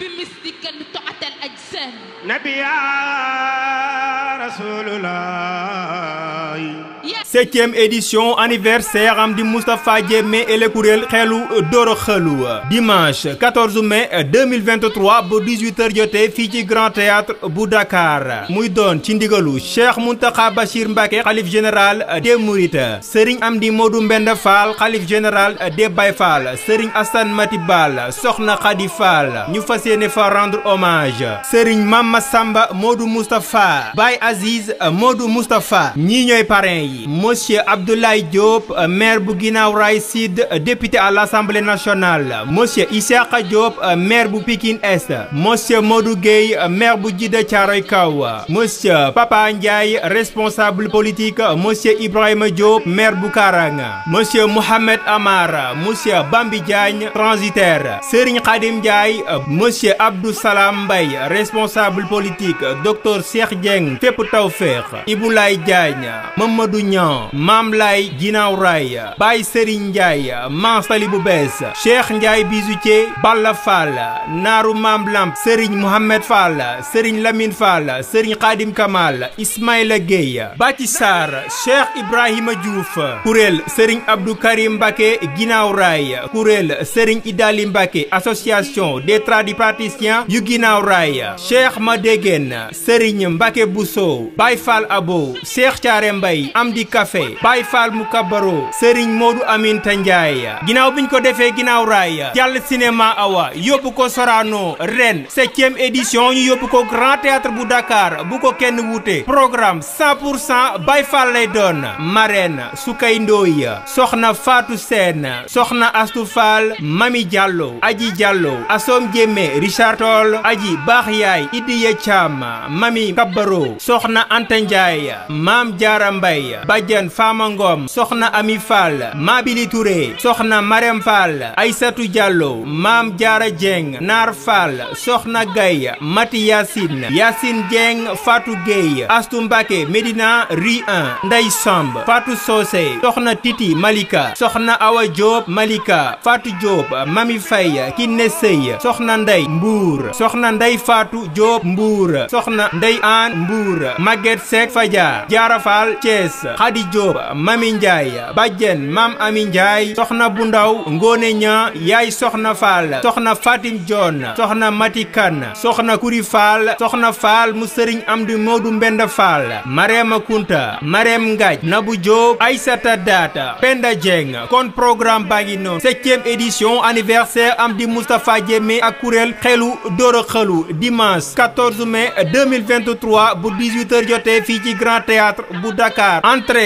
بمثلك لتعطى الأجسام نبي يا رسول الله septième édition anniversaire am di Moustapha Diémé ele kuréel xeelu euh, Doro Xëlu dimanche 14 mai 2023 ba 18h jotee fii ci Grand Théâtre bu Dakar muy doon ci ndigalu Cheikh Mountakha Bachir Mbacké xalif général euh, des Mourides Serigne Amdi Modou Mbenda Fall xalif général euh, des Baye Fall Serigne Assane Mati Soxna Khady Fall ñu fas yéene fa rendre hommage Serigne Mama Samba Modou Moustapha Baye Aziz Modou Moustapha ñii ñooy parrain yi Monsieur Abdoulaye Diop euh, maire bu Guinaw Rail Sud euh, député à l'Assemblée nationale Monsieur Issakha Diop euh, maire bu pikin Est Monsieur Modou Gueye bu Djiddah Thiaroye Kao Monsieur Papa Ndiaye responsable politique Monsieur Ibrahima Diop maire bu Karang Monsieur Mohamed Amar Monsieur Bambi Diagne transitaire Serigne Khadim Ndiaye Monsieur Abdou Salam Mbaye responsable politique Docteur Cheikh Dieng Fépp Tawfekh Iboulaye Diagne Mamadou Niang 1 Maam Lay Ginaaw Raay Baye Serigne Ndiaye Mansali bu bees Cheikh Ndiaye Bijoutier Balla Fall Naaru Maam Lamp Serigne Mohamed Fall Serigne Lamine Fall Serigne Khadim Kamal Ismaïla Gueye Bati Sarr Cheikh Ibrahima Diouf kuréel Serigne Abdou Karim Mbacké Ginaaw Raay kuréel Serigne Idali Mbacké association des tradipraticiens yu Ginaaw Raay Cheikh Madegen Serigne Mbacké Bousso Baye Fall Abo Cheikh Thiaré Mbaye Amdi café Baye Fall mu kabaro Serigne Modou Aminta Ndiaye ginnaaw biñ ko defee ginnaaw raay jàll cinéma awa yóbbu ko Sorano ren septième édition ñu yóbbu ko Grand Théâtre bu Dakar bu ko kenn wuute programme 100 pour cent Baye Fall lay doon marraine Soukay Ndoye soxna Fatou Sène soxna Astou Fall Mami Diallo Aji Diallo Assom Diémé Richard Toll Aji Baax Yaay Idiya Thiam Mami Kabaro soxna Anta Ndiaye Maam Jaara Diène Fama Ngom soxna Ami Fall Mabili Touré soxna Marème ay Aysatu Diallo Maam Jaara Dieng Naar Fall soxna Gaye Mati Yacine Yacine Dieng Fatou Gueye Astou Mbacké Médina Rue 1 Ndey Samb Fatou Socé soxna Titi Malika soxna Awa Diop Malika faatu Diop Mami fay Kiné Seye soxna Ndey Mbour soxna nday Fatou Diop Mbour soxna Ndey An Mbour Maguette Seck Fadia Diarra Khady Diop Mami Ndiaye Badiène Maam Ami Ndiaye Soxna bu ndaw Ngone Ña Yaay Soxna Fall Soxna Fatim John Soxna Mati Kane Soxna Kuri Fall Soxna Fall mu Sëriñ Amdi Moodu Mbenda Fall Marema Kunta Marem Ngaaj Nabu Diop Aysata Data Penda Dieng kon programme baa ngi noonu septième édition anniversaire Amdi Moustapha Diémé ak kuréel xelu a Xëlu dimanche 14 bu 18 jotee fii ci Grand Théâtre bu Dakar entrée